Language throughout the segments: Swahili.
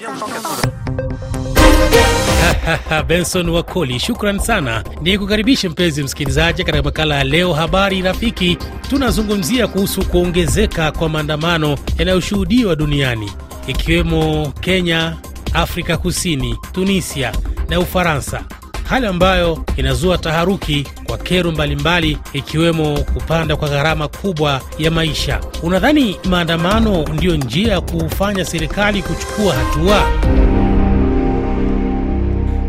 Benson Wakoli, shukran sana. Ni kukaribishe mpenzi msikilizaji katika makala ya leo, habari rafiki. Tunazungumzia kuhusu kuongezeka kwa maandamano yanayoshuhudiwa duniani ikiwemo Kenya, Afrika Kusini, Tunisia na Ufaransa, hali ambayo inazua taharuki kwa kero mbalimbali ikiwemo kupanda kwa gharama kubwa ya maisha. Unadhani maandamano ndiyo njia ya kufanya serikali kuchukua hatua?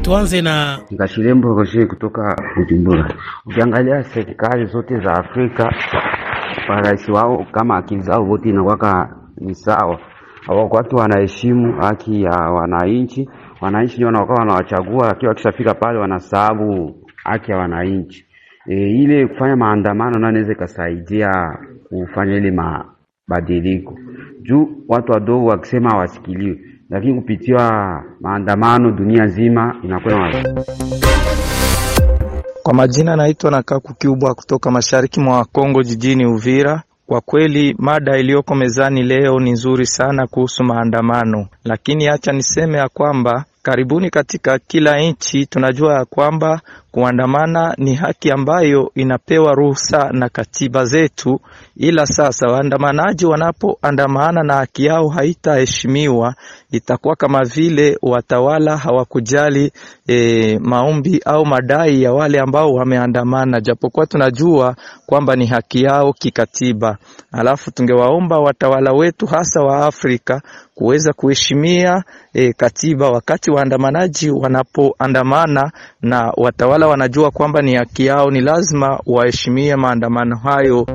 Tuanze na Ngashirembo Roger kutoka Bujumbura. Ukiangalia serikali zote za Afrika, marais wao kama akili zao wote inakwaka ni sawa, hawakwaki wanaheshimu haki ya wananchi. Wananchi ndio wanakuwa wanawachagua, lakini wakishafika pale wanasahabu haki ya wananchi. E, ile kufanya maandamano nayo inaweza ikasaidia kufanya ile mabadiliko, juu watu wadogo wakisema wasikiliwe lakini kupitia maandamano dunia nzima inakuwa. Kwa majina naitwa na Kaku Kubwa kutoka mashariki mwa Kongo jijini Uvira. Kwa kweli mada iliyoko mezani leo ni nzuri sana kuhusu maandamano, lakini acha niseme ya kwamba karibuni katika kila nchi, tunajua ya kwamba kuandamana ni haki ambayo inapewa ruhusa na katiba zetu, ila sasa waandamanaji wanapoandamana na haki yao haitaheshimiwa, itakuwa kama vile watawala hawakujali e, maombi au madai ya wale ambao wameandamana, japokuwa tunajua kwamba ni haki yao kikatiba. Alafu tungewaomba watawala wetu hasa wa Afrika kuweza kuheshimia e, katiba wakati waandamanaji wanapoandamana, na watawala wanajua kwamba ni haki yao, ni lazima waheshimie maandamano hayo.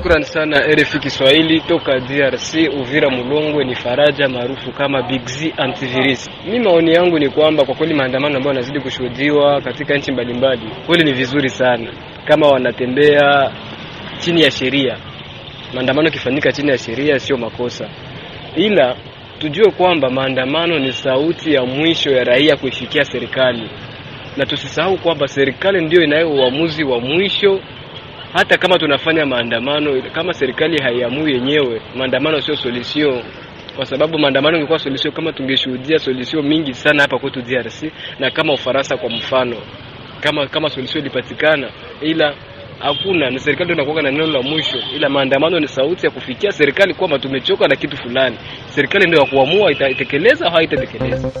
Shukrani sana RFI Kiswahili toka DRC Uvira Mulongwe, ni Faraja maarufu kama Big Z Antivirus. Mimi maoni yangu ni kwamba kwa kweli maandamano ambayo yanazidi kushuhudiwa katika nchi mbalimbali kweli ni vizuri sana, kama wanatembea chini ya sheria. Maandamano kifanyika chini ya sheria sio makosa, ila tujue kwamba maandamano ni sauti ya mwisho ya raia kuifikia serikali, na tusisahau kwamba serikali ndio inayo uamuzi wa mwisho hata kama tunafanya maandamano, kama serikali haiamui yenyewe, maandamano sio solution, kwa sababu maandamano ingekuwa solution kama tungeshuhudia solution mingi sana hapa kwetu DRC na kama Ufaransa kwa mfano, kama kama solution ilipatikana, ila hakuna. Na serikali ndio inakuwa na neno la mwisho, ila maandamano ni sauti ya kufikia serikali kwamba tumechoka na kitu fulani. Serikali ndio ya kuamua itatekeleza au haitatekeleza.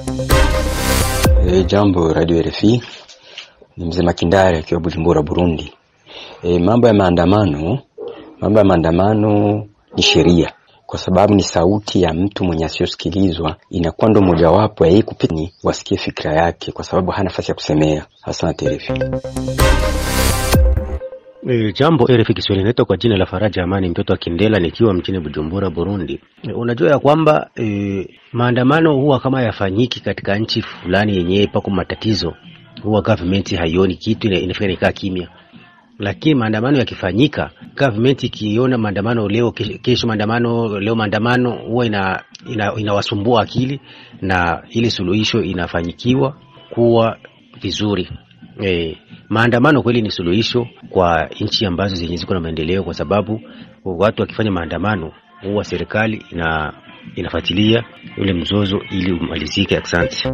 E, eh, jambo Radio RFI, ni mzee Makindare akiwa Bujumbura, Burundi. E, mambo ya maandamano, mambo ya maandamano ni sheria, kwa sababu ni sauti ya mtu mwenye asiyosikilizwa, inakuwa ndo mojawapo ya kupini wasikie fikira yake, kwa sababu hana nafasi ya kusemea. Asante RFI. E, eh, jambo RFI Kiswahili, naitwa kwa jina la Faraja Amani mtoto wa Kindela nikiwa mjini Bujumbura, Burundi. E, unajua ya kwamba e, maandamano huwa kama yafanyiki katika nchi fulani yenyewe pako matatizo, huwa government haioni kitu, inafika nikaa kimya lakini maandamano yakifanyika, government ikiona maandamano leo, kesho maandamano, leo maandamano, huwa ina, ina, inawasumbua akili na ile suluhisho inafanyikiwa kuwa vizuri. E, maandamano kweli ni suluhisho kwa nchi ambazo zenye ziko na maendeleo, kwa sababu watu wakifanya maandamano huwa serikali ina inafuatilia ule mzozo ili umalizike. Asante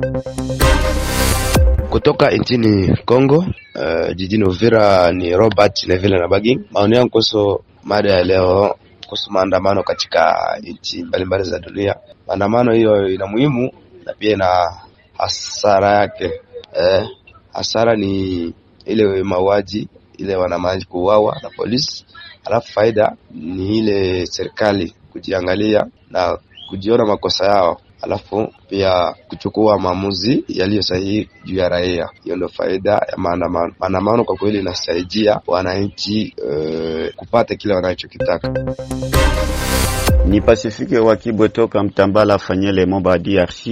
kutoka nchini Kongo uh, jijini Uvira ni Robert Neville na Bagging. Maoni yangu kuhusu mada ya leo kuhusu maandamano katika nchi mbalimbali za dunia. Maandamano hiyo ina muhimu na pia ina hasara yake. Eh, hasara ni ile mauaji, ile wanamaji kuuawa na polisi, alafu faida ni ile serikali kujiangalia na kujiona makosa yao alafu pia kuchukua maamuzi yaliyo sahihi juu ya raia. Hiyo ndio faida ya maandamano. Maandamano kwa kweli inasaidia wananchi e, kupata kile wanachokitaka. Ni Pasifike wa Kibwe toka Mtambala Fanyele, Moba, DRC.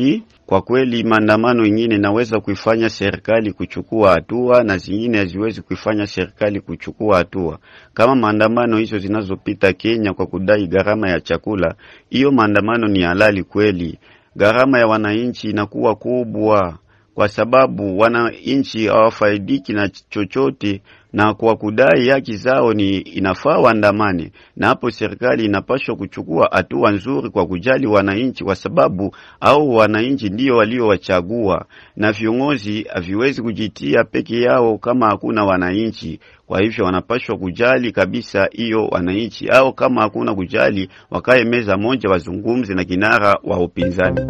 Kwa kweli maandamano ingine inaweza kuifanya serikali kuchukua hatua na zingine haziwezi kuifanya serikali kuchukua hatua, kama maandamano hizo zinazopita Kenya kwa kudai gharama ya chakula. Hiyo maandamano ni halali kweli, gharama ya wananchi inakuwa kubwa, kwa sababu wananchi hawafaidiki na chochote na kwa kudai haki zao, ni inafaa waandamane, na hapo serikali inapaswa kuchukua hatua nzuri kwa kujali wananchi, kwa sababu au wananchi ndio waliowachagua, na viongozi haviwezi kujitia peke yao kama hakuna wananchi. Kwa hivyo wanapaswa kujali kabisa hiyo wananchi, au kama hakuna kujali, wakae meza moja wazungumze na kinara wa upinzani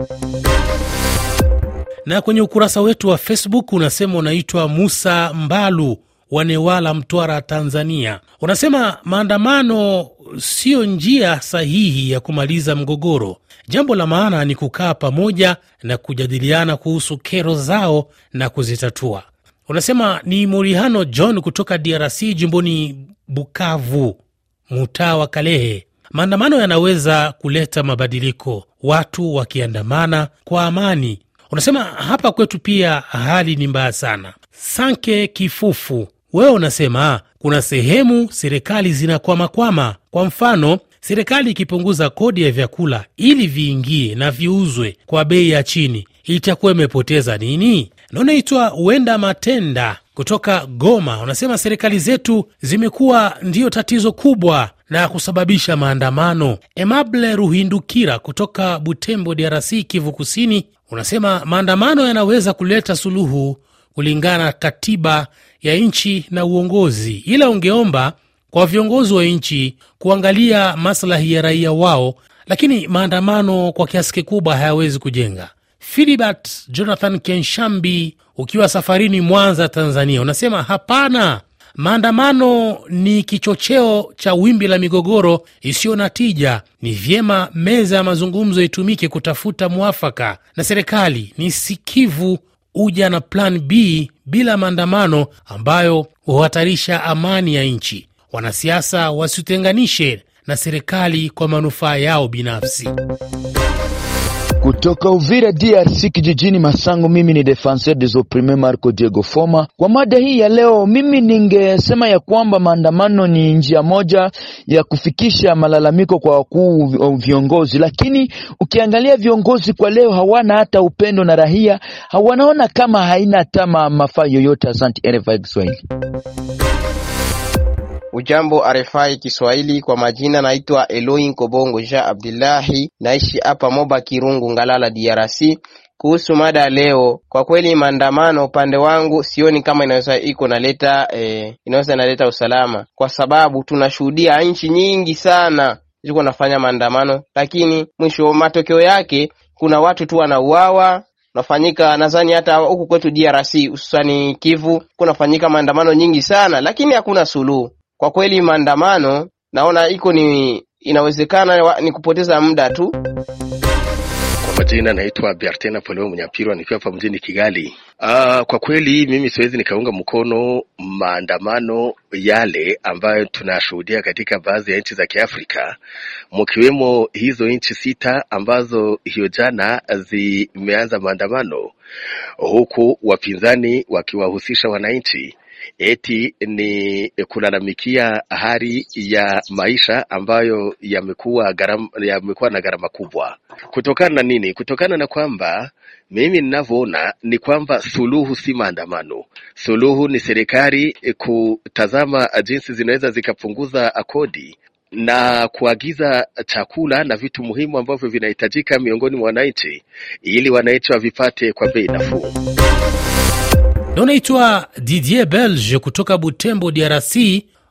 na kwenye ukurasa wetu wa Facebook unasema unaitwa Musa Mbalu wa Newala, Mtwara, Tanzania, unasema maandamano siyo njia sahihi ya kumaliza mgogoro. Jambo la maana ni kukaa pamoja na kujadiliana kuhusu kero zao na kuzitatua. Unasema ni Murihano John kutoka DRC, jimboni Bukavu, mtaa wa Kalehe. Maandamano yanaweza kuleta mabadiliko, watu wakiandamana kwa amani. Unasema hapa kwetu pia hali ni mbaya sana. Sanke Kifufu wewe unasema kuna sehemu serikali zinakwamakwama. Kwa mfano, serikali ikipunguza kodi ya vyakula ili viingie na viuzwe kwa bei ya chini itakuwa imepoteza nini? naunaitwa wenda Matenda kutoka Goma unasema serikali zetu zimekuwa ndiyo tatizo kubwa na kusababisha maandamano. Emable Ruhindukira kutoka Butembo, DRC, Kivu Kusini, unasema maandamano yanaweza kuleta suluhu kulingana na katiba ya nchi na uongozi, ila ungeomba kwa viongozi wa nchi kuangalia maslahi ya raia wao, lakini maandamano kwa kiasi kikubwa hayawezi kujenga. Filibert Jonathan Kenshambi, ukiwa safarini Mwanza, Tanzania, unasema hapana, maandamano ni kichocheo cha wimbi la migogoro isiyo na tija. Ni vyema meza ya mazungumzo itumike kutafuta mwafaka, na serikali ni sikivu uja na plan B bila maandamano ambayo huhatarisha amani ya nchi. Wanasiasa wasitenganishe na serikali kwa manufaa yao binafsi. Kutoka Uvira DRC kijijini Masango, mimi ni defenseur des opprimes Marco Diego Foma. Kwa mada hii ya leo, mimi ningesema ya kwamba maandamano ni njia moja ya kufikisha malalamiko kwa wakuu viongozi, lakini ukiangalia viongozi kwa leo hawana hata upendo na rahia, hawanaona kama haina tama mafaa yoyote. Asante RFI Kiswahili. Ujambo RFI Kiswahili, kwa majina naitwa Eloi kobongo Ja Abdullahi, naishi hapa Moba Kirungu, Ngalala, DRC. Kuhusu mada ya leo, kwa kweli maandamano, upande wangu sioni kama inaweza iko naleta eh, inaweza inaleta usalama, kwa sababu tunashuhudia nchi nyingi sana ziko nafanya maandamano, lakini mwisho matokeo yake kuna watu tu wanauawa nafanyika nadhani hata huku kwetu DRC hususani Kivu kunafanyika maandamano nyingi sana, lakini hakuna suluhu. Kwa kweli maandamano naona iko ni inawezekana ni kupoteza muda tu. Kwa majina naitwa Bertin Napoleon Munyapirwa, nikiwa hapa mjini Kigali. Aa, ah, kwa kweli mimi siwezi nikaunga mkono maandamano yale ambayo tunashuhudia katika baadhi ya nchi za Kiafrika, mkiwemo hizo nchi sita ambazo hiyo jana zimeanza maandamano, huku wapinzani wakiwahusisha wananchi eti ni kulalamikia hali ya maisha ambayo yamekuwa yamekuwa na gharama kubwa. Kutokana na nini? Kutokana na kwamba mimi ninavyoona ni kwamba suluhu si maandamano. Suluhu ni serikali kutazama jinsi zinaweza zikapunguza kodi na kuagiza chakula na vitu muhimu ambavyo vinahitajika miongoni mwa wananchi ili wananchi wavipate kwa bei nafuu. Na unaitwa Didier Belge kutoka Butembo, DRC.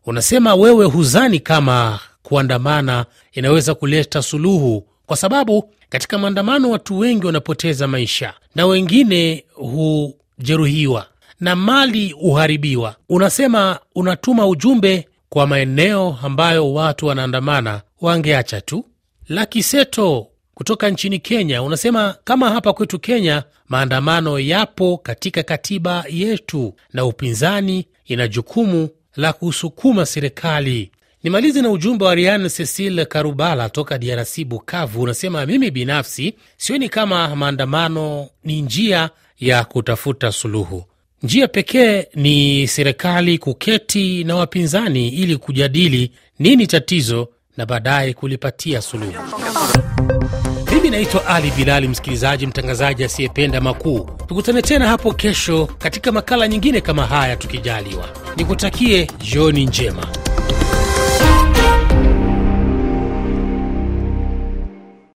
Unasema wewe huzani kama kuandamana inaweza kuleta suluhu, kwa sababu katika maandamano watu wengi wanapoteza maisha na wengine hujeruhiwa na mali huharibiwa. Unasema unatuma ujumbe kwa maeneo ambayo watu wanaandamana, wangeacha tu. Lakiseto kutoka nchini Kenya unasema kama hapa kwetu Kenya maandamano yapo katika katiba yetu na upinzani ina jukumu la kusukuma serikali. Nimalize na ujumbe wa Rian Cecil Karubala toka DRC Bukavu, unasema mimi binafsi sioni kama maandamano ni njia ya kutafuta suluhu. Njia pekee ni serikali kuketi na wapinzani ili kujadili nini tatizo na baadaye kulipatia suluhu. Mimi naitwa Ali Bilali, msikilizaji, mtangazaji asiyependa makuu. Tukutane tena hapo kesho katika makala nyingine kama haya tukijaliwa. Nikutakie jioni njema.